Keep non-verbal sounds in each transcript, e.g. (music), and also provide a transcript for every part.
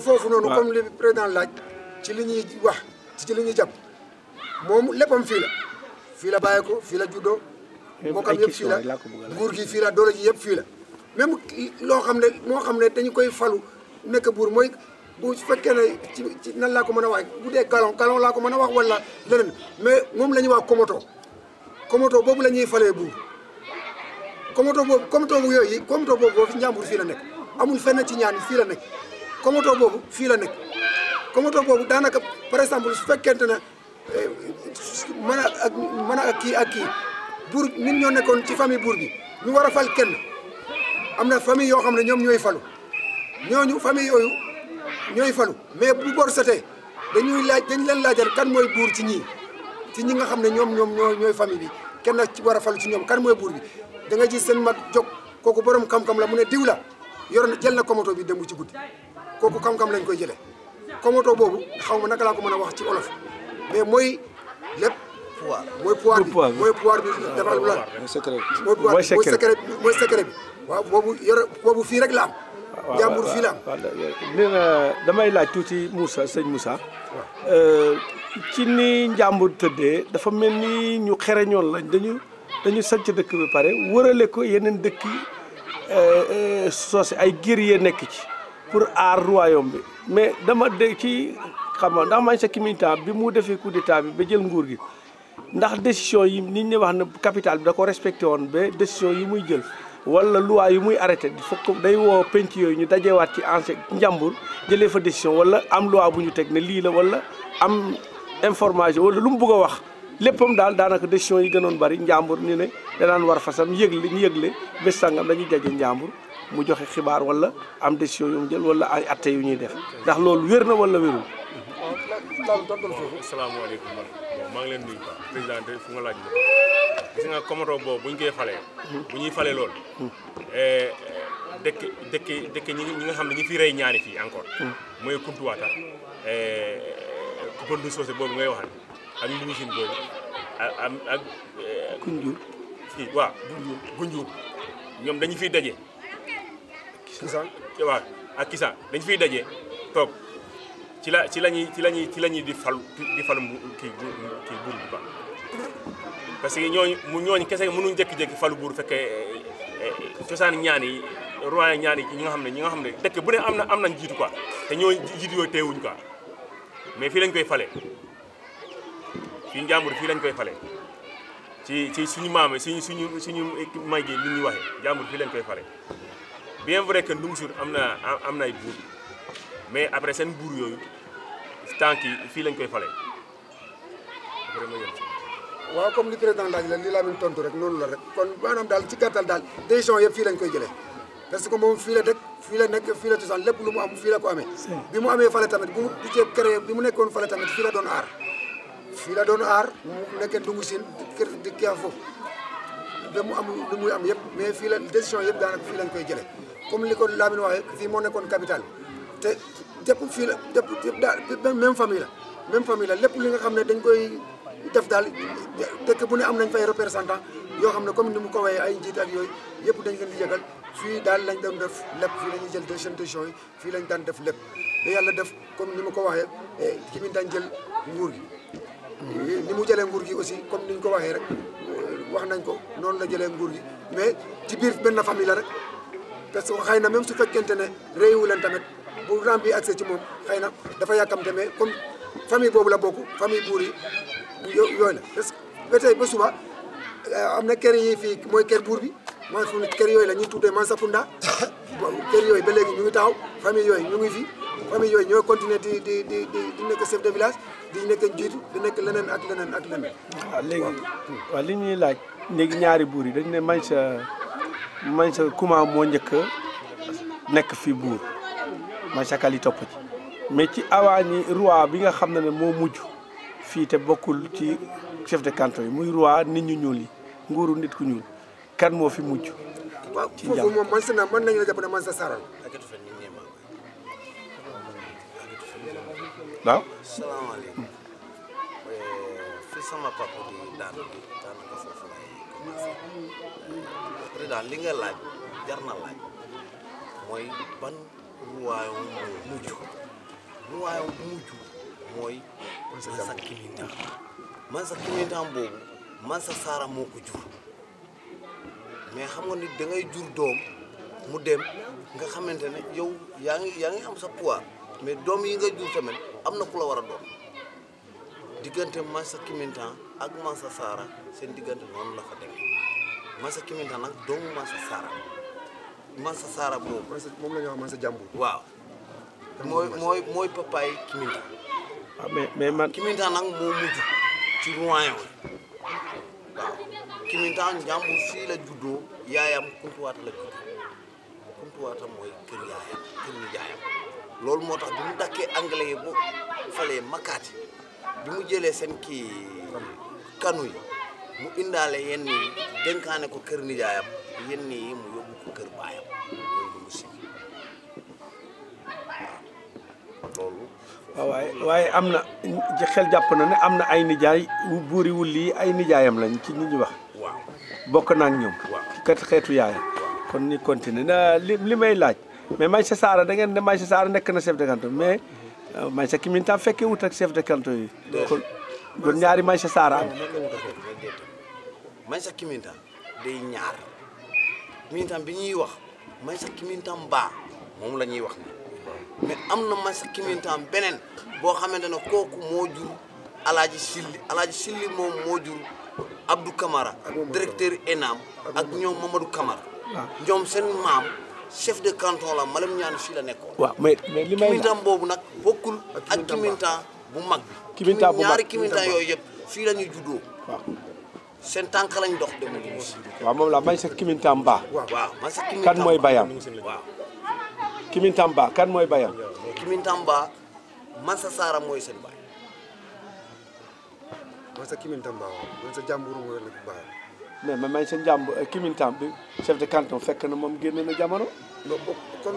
foofu noonu comme li président laaj ci li ñuy wax ci li ñuy jàpp moom léppam fii la fii la bàyyi ko fii la juddoo mbokkam yëpp fii la nguur gi fii la doole ji yëpp fii la même loo xam ne moo xam ne dañu koy falu nekk buur mooy bu fekkee ne ci ci nan laa ko mën a wax bu dee galon galon laa ko mën a wax wala leneen mais moom la ñuy wax komoto komoto boobu la ñuy falee buur komoto boobu komoto bu yooyu komoto boobu boobu njàmbur fii la nekk amul fenn ci ñaan fii la nekk komoto boobu fii la nekk komoto boobu daanaka par exemple su fekkente ne eh, mën a ak mën a ak kii ak kii buur ñun ñoo nekkoon ci famille buur bi ñu war a fal kenn am na famille yoo xam ne ñoom ñooy falu ñooñu famille yooyu ñooy falu mais bu bor setee dañuy laaj dañ leen laajal kan mooy buur ci ñii ci ñi nga xam ne ñoom ñoom ñoo ñooy famille bi kenn ci war a falu ci ñoom kan mooy buur bi da nga gis seen mag jóg kooku borom xam-xam la mu ne diw la yor na jël na komoto bi dem ci guddi kooku xam-xam lañ koy jëlee komoto boobu xaw ma naka laa ko mën a wax ci olof mais mooy lépp. pouvoir mooy pouvoir bi mooy pouvoir bi dafa am lan. mooy secret bi mooy pouvoir bi waaw boobu yore fii rek la am. waaw jàmbur fii la am. damay laaj tuuti Moussa sëñ Moussa. Euh, ci ni njàmbur tëddee dafa mel nii ñu xereñoon lañ dañu dañu sanc dëkk bi pare wërale ko yeneen dëkk yi euh, euh, soose ay guerrier nekk ci. pour aar royaume bi mais dama dé ci xam nga ndax Manchester Kilmintan bi mu defee coup d'état bi ba jël nguur gi ndax décision yi nit ñi wax na capital bi da ko respecté woon ba décision yi muy jël wala loi yi muy arrêté fokk day woo penc yooyu ñu dajewaat ci ancien njàmbur jëlee fa décision wala am loi bu ñu teg ne lii la wala am information wala lu mu bëgg a wax léppam daal daanaka décision yi gënoon bari njàmbur ni ne danaan war fasam yëgle ñu yëgle bés sangam dañuy jaje njàmbur mu joxe xibaar wala am décision yu mu jël wala ay atte yu ñuy def ndax loolu wér na wala wérul. waaw asalaamaaleykum man maa ngi leen di nuyu président fu nga laaj ma gis nga bu ñu jee falee. bu ñuy falee loolu. Eh, dëkk dëkk dëkk ñi nga xam ne ñi fi rey ñaari fii encore. Mm. mooy Kuntuwaata. Eh, Kupandu Socé boobu ngay wax ak Ndoumoussine Gueye ak am ak. Kunjur. Eh, waaw Kunjur ñoom dañu fiy daje. Kisaa waaw ak Kisaa dañu fiy daje toog ci la ci la ñuy ci la ci la ñuy di falu di fal kii kii buur parce que ñooñ mu ñooñu kese mënuñu jékki fal falu buur fekkee eh, eh, cosaan ñaan yi rois ñaan ñi nga xam ne ñi nga xam ne dëkk bu am na am nañ jiitu ko te ñoo jiitu yooyu teewuñ quoi mais fii lañ koy fale fii njàmbur fii lañ koy fale ci ci suñu maame suñu suñu suñu mag yi li ñuy waxee njàmbur fii lañ koy fale bien vrai que Ndumsur am na am na ay buur mais après seen buur yooyu tànk yi fii lañ koy fale après waaw comme li président laaj la li tontu rek noonu la rek kon maanaam daal ci gàttal daal décision yëpp fii lañ koy jëlee parce que moom fii la dëkk fii cosaan lépp lu mu am fii la ko bi mu amee fale tamit bu mu bu cee créé bi mu nekkoon fale tamit fii la doon aar fii la doon aar mu nekkee Ndungu Sine di kër di foofu ba mu am lu muy am yëpp mais fii la décision yëpp daanaka fii lañ koy jëlee comme li ko Lamine fii moo nekkoon capital te jëpp fii la jëpp yëpp daal même famille la même famille la lépp li nga xam ne dañ koy def daal dëkk bu ne am nañ fay représentant yoo xam ne comme ni mu ko waxee ay njiit ak yooyu yëpp dañ leen di yëgal fii daal lañ doon def lépp fii la ñuy jël seen décision yi fii lañ daan def lépp ba yàlla def comme ni mu ko waxee eh, ki mi jël nguur gi ni mu jëlee nguur gi aussi comme ni ñu ko waxee rek wax nañ ko noonu la jëlee nguur gi mais ci biir benn famille la rek parce que xëy na même su fekkente ne réewu leen tamit bu ram bi accès ci moom xëy na dafa yàkkamte mais comme famille boobu la bokk famille buur yi yooyu la parce que ba tey ba suba euh, am na kër yi fii mooy kër buur bi mooy kër yooyu la ñuy tuddee Mansakunda (coughs) kër yooyu ba léegi ñu ngi taxaw famille yooyu ñu ngi fi famille yooyu ñoo continuer di di di di nekk chef de village di nekk njiitu di nekk leneen ak leneen ak leneen. Ah, waaw li ñuy laaj léegi ñaari buur yi dañu ne Mansa Mansa Kuma moo njëkk nekk fi buur Mansa Kali topp ci mais ci bi nga xam ne ne moo mujj fii te bokkul ci chef de canton yi muy roi nit ñu ñuul yi nguuru nit ku ñuul kan moo fi mujj. ci jàmm waaw foofu moom Mansa naa mën nañu la jàpp ne Mansa Sara la waaw. salaamaaleykum. Eh, fii sama papa di daanaka daanaka foofu lay commencé président eh, li nga laaj jar na laaj mooy ban ruwaayam mujj ruwaayam mujj mooy. Mansa Kilintaan Mansa Kilintaan boobu Mansa Saara moo ko jur mais xam nga ni da ngay jur doom mu dem nga xamante ne yow yaa ngi yaa ngi am sa pouvoir. mais doom yi nga jur am na ku la war a diggante Massa Kimintan ak Massa Saara seen diggante noonu la fa demee Massa Kimintan nag doomu Massa Saara Massa Saara boobu. moom la wax Massa Jàmbur. waaw mooy mooy mooy papaay Kimintan. waaw ah, mais mais man Kimintan nag moo mujj ci royaume waaw Kimintan Jàmbur fii la juddoo yaayam Kuntuwaat la juddoo Kuntuwaata mooy kër yaayam kër yaayam. loolu moo tax bi mu dàkkee anglais yi bu falee makaati bi mu jëlee seen kii kanu yi mu indaale yenn yi dénkaane ko kër nijaayam yenn yi mu yóbbu ko kër baayam ah, waaye am na xel jàpp na ne am na ay nijaay buuriwul lii ay nijaayam lañ ci nit ñi wax bokk naa ak ñoom kat xeetu yaay kon ñu continuer na li li may laaj mais Maysa Saara da ngeen ne Maysa Saara nekk na chef de canton mais euh, Maysa Kiminta fekkee wut ak chef de canton yi. kon kon ñaari Maysa Saara am. Maysa Kiminta day ñaar Kiminta bi ñuy wax Maysa Kiminta baa moom la ñuy wax ni mais am na Maysa Kiminta beneen boo xamante ne kooku moo jur Alaaji Silli Alaaji Silli moom moo jur Abdou Camara directeur ENAM ak ñoom Mamadou Camara ah. ñoom seen maam. chef de canton la Malam Ñaan fii la mais mais li may kimintaan boobu nag bokkul ah, ak kimintaan bu mag bi. bu mag ñaari kimintaan yooyu yëpp fii la ñuy juddoo. waaw seen tànk lañ dox demul ñu. waaw moom la man sa kimintaan mbaa. waaw man sa kimintaan kan mooy bayam. waaw kimintaan kan mooy bayam. kimintaan mbaa man sa saara mooy seen baay. man sa mais ma may seen jàmb euh, kimintam bi chef de canton fekk na moom génn na jamono. kon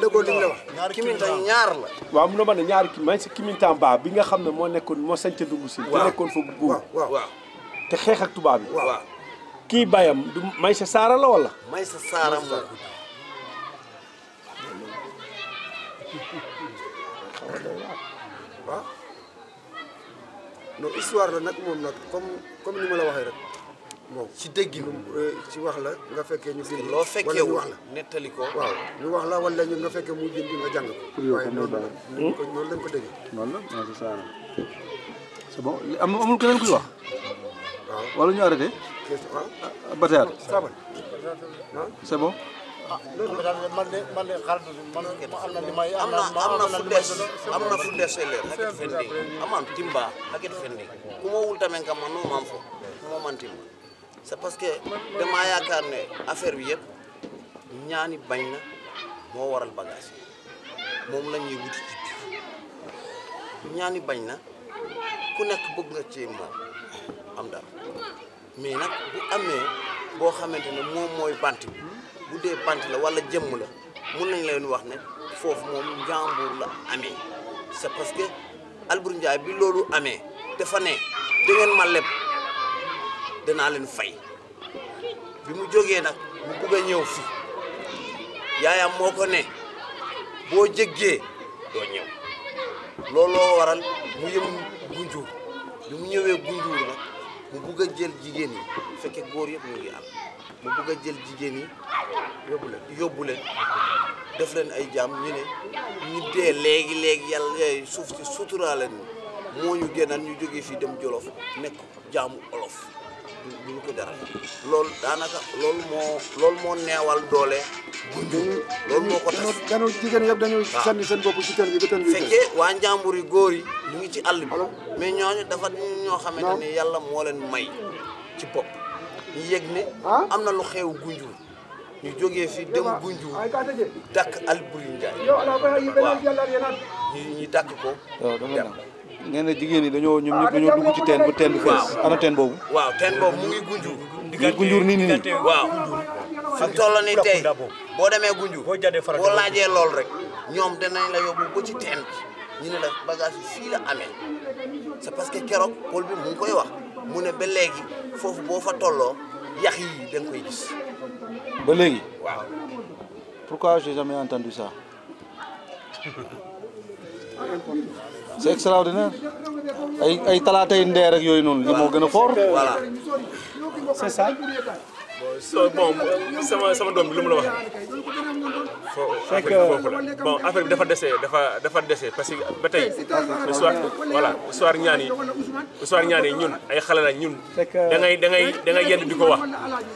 dëggoo li nga wax. ñaari ñaar la. waaw na ma ne ñaari ki may si bi nga xam ne moo nekkoon moo sañ ca dugg si. te nekkoon fa buur te xeex ak tubaab yi. waaw kii bayam du may sa saara la walla may sa saara la. waaw non histoire la moom nag comme ni ma la waxee rek. bon ci dégg euh, ci wax la nga fekkee ñu bind loo fekkee nettali ko ñu wax la wala ñu nga fekkee mu bind nga jàng ko waaye noonu noonu lañ ko dégg noonu la non c'est ça c'est bon am amul keneen kuy wax waaw wala ñu arrêté ah, bataar saban c'est bon ah. de man de xaaral man am na li may am na am fu des am fu des leer hakket fende aman timba hakket fende ku wul tamen kam man no man fo ma man timba c'est parce que damaa yaakaar ne affaire bi yëpp ñaani bañ na moo waral bagage moom la ñuy wuti ci ñaani bañ na ku nekk bëgg nga ci moom am dara mais nag bu amee boo xamante ne moom mooy bant bu dee bant la wala jëmm la mun nañ leen wax ne foofu moom njàmbur la amee c'est parce que Alboury Ndiaye bi loolu amee dafa ne dangeen ma leb danaa leen fay bi mu jógee nag mu bugg a ñëw fi yaayam moo ko ne boo jegee doo ñëw looloo waral mu yëm gunjuur bi mu ñëwee gunjuur nag mu bugg a jël jigéen yi fekke góor yëpp ñu mu bugg a jël jigéen yi yóbbu leen def leen ay jaam ñu ne ñu dee léegi léegi yàlla eh, suuf si suturaa leen moo ñu génnan ñu jógee fii dem Jolof nekk jaamu olof duñ ko jaral loolu daanaka loolu moo loolu moo neewal doole ñun loolu moo ko tas dañu jigéen yëpp dañu ah. sànni seen bopp si teen bi ba teen fekkee waa njàmbur yi góor yi ñu ngi ci àll bi mais ñooñu dafa ñoo xamante ne yàlla moo leen may ci pop ñu yëg ne ah? am na lu xew Gunjur ñu jógee fi dem Gunjur dàkk Alboury Ndiaye waaw ñu ñu dàkk ko dem nee na jigéen ñi dañoo ñoom ñëpp dañoo dugg ci teen bu teen bi fees ana teen boobu waaw teen boobu mu ngi gunjur mu gunjur ni nii nii waaw fi mu toll nii tey boo demee gunjur boo laajee lool rek ñoom danañ la yóbbu ba ci teen bi ñu ne la bagage yi fii la amee c'est parce que keroog pôle bi mu ngi koy wax mu ne ba léegi foofu boo fa tolloo yax yi da nga koy gis ba léegi waaw pourquoi j'ai jamais entendu c'est extraordinaire ay ay talaatay ndeer ak yooyu noonu li moo gën a fort voilà sama sama doom bi lu mu la wax c'est que bon affaire bi dafa dese dafa dafa dese parce que ba tey le soir voilà le yi le soir ñun ay xale la ñun da ngay da ngay da ko wax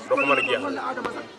doo ko mën a jeexal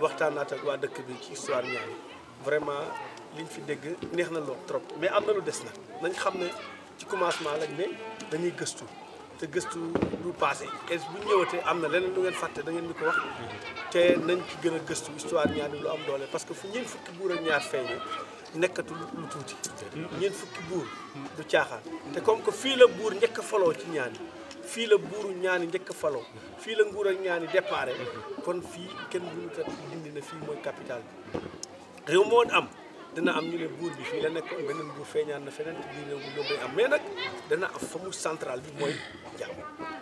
waxtaan naat ak waa dëkk bi ci histoire Niani vraiment liñ fi dégg neex na loo trop mais am na lu des nag nañ xam ne ci commencement lañ ne dañuy gëstu te gëstu du passé et bu ñëwatee am na leneen lu ngeen fàtte da ngeen ñu ko wax te nañ ci gën a gëstu histoire Niani lu am doole parce que fi ñeen fukki buur ak ñaar feeñe nekkatu lu tuuti ñeen fukki buur du caaxaan te comme ko fii la buur njëkk a foloo ci Niani fii la buuru ñaani njëkk a fii la nguur ak ñaani déparé kon fii kenn buñu ta dindi na fii mooy capital bi réew moo am dana am ñu ne buur bi fii la nekkoon beneen buur feeñaan na feneen te bii ne bu am mais nag dana am famu mu central bi mooy jàmm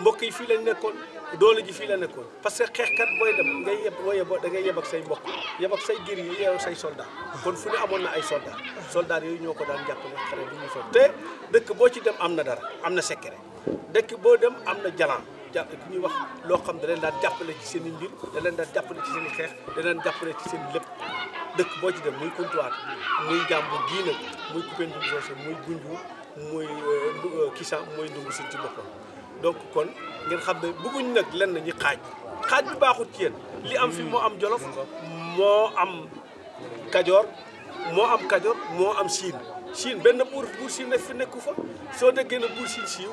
mbokk yi fii lañ nekkoon doole ji fii la nekkoon parce que xeexkat booy dem ngay yeb boo yeboo da ngay yeb ak say mbokk yeb ak say gir yi yeew say soldat kon fu ne amoon na ay soldat soldat yooyu ñoo ko daan jàpp nga xare bi ñu fa te dëkk boo ci dem am na dara am na secret dëkk boo dem am na jalan jàpp ki ñuy wax loo xam da leen daan jàppale ci seen i mbir da leen daan jàppale ci seen i xeex da leen jàppale ci seen lépp dëkk boo ci dem muy Kuntuwaat muy Njambur diina muy Koupentoum Socé muy Gunjuur muy euh, euh, Kissa muy Ndungu Siin ci boppam donc kon ngeen xam ne bëgguñ nag lenn ñi xaj xaj bu baaxut ci yéen li am fi mo am jolof mo am kadior mo am kadior mo am sin sin benn bour bour sin ne fi nekku fa soo déggee ne buur siin siiw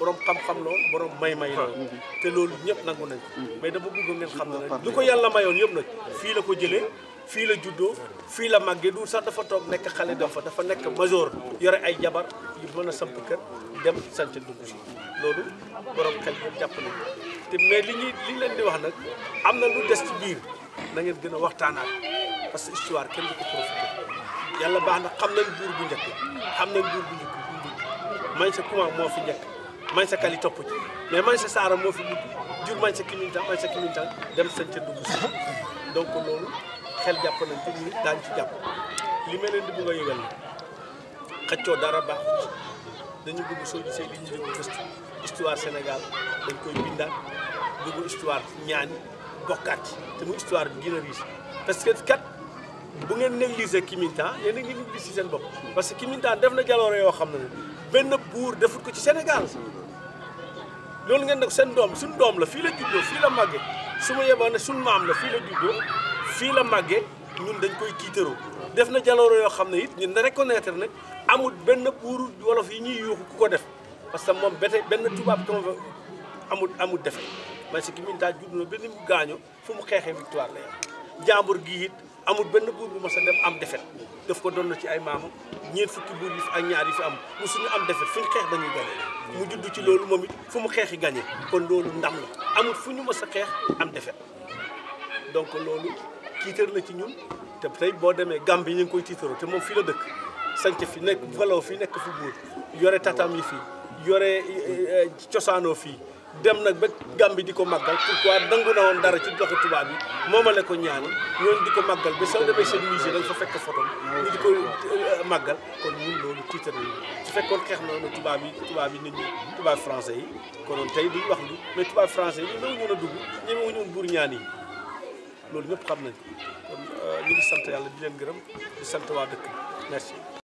borom xam-xam lool borom may-may lool ah. te loolu ñëpp nangu nañ ko mm-hmm. mais dafa bëgg ngeen xam ne nag lu ko yàlla mayoon yëpp nag fii la ko jëlee fii la juddoo fii la màggee du sax dafa toog nekk xale fa dafa nekk major yore ay jabar yu mën a samp kër dem sant dund si loolu borom xel ñoom jàpp nañ te mais li ñuy li leen di wax nag am na lu des ci biir na ngeen gën a waxtaanaat parce que histoire kenn du ko profité yàlla baax na xam nañ buur bu njëkk xam na buur bu njëkk mañ sa fi njëkk Mansa Kali topp ci mais Mansa Saara moo fi dugg jur Mansa Kimintan Mansa Kimintan dem sanc dugg si donc loolu xel jàpp nañ te ñu daañu ci jàpp li mel leen di bëgg a yëgal la xëccoo dara baaxut dañu bëgg soo gisee li ñu déglu gëstu histoire Sénégal dañ koy bindaat dugg histoire ñaani bokkaat ci te mu histoire bi gën a riche que kat bu ngeen négliger Kimintan yéen a ngi négliger seen bopp parce que Kimintan def na jaloore yoo xam ne benn buur defut ko ci Sénégal loolu ngeen nag seen doom suñ doom la fii la juddoo fii la màggee su ma yeboo ne suñ maam la fii la juddoo fii la màggee ñun dañ koy kiitaroo def na jalooro yoo xam ne it ñun da reconnaître ne amul benn buuru wolof yi ñuy yuuxu ku ko def parce que moom bete benn tubaab convo amul amul defe mais si ki min taa judd benn mu gaañoo fu mu xeexee victoire la yam jàmbur gi it amul benn buur bu mas a dem am defet daf ko doon na ci ay maamam ñeent fukki buur yi fi ak ñaar yi fi am mu ñu am defet fu ñu xeex dañuy gagné mu judd ci loolu moom it fu mu xeexi gagné kon loolu ndam la amul fu ñu mas sa xeex am defet donc loolu tiitar la ci ñun te tey boo demee Gambie ñu ngi koy tiitaroo te moom fii la dëkk sanc fi nekk falaw fi nekk fi buur yore tataam yi fii yore eh, eh, cosaanoo fii dem nak ba gambi diko magal pourquoi dangu na won dara ci doxu tubaab bi moomale ko ñaan ñoon diko magal màggal ba soo demee seen musée danga fa fekk photo ñu diko euh, magal kon ñun loolu tiital nañu su fekkoon xeex na ne tubaab yi bi nit ñi tubaab français yi konoon tay duñ wax lu mais tubaab français yi ñu ñoo a dugg ñemewuñu woon bur ñaan yi loolu ñëpp xam nañ kon euh, ñu ngi sante yalla di len gërëm di sante wa dëkk merci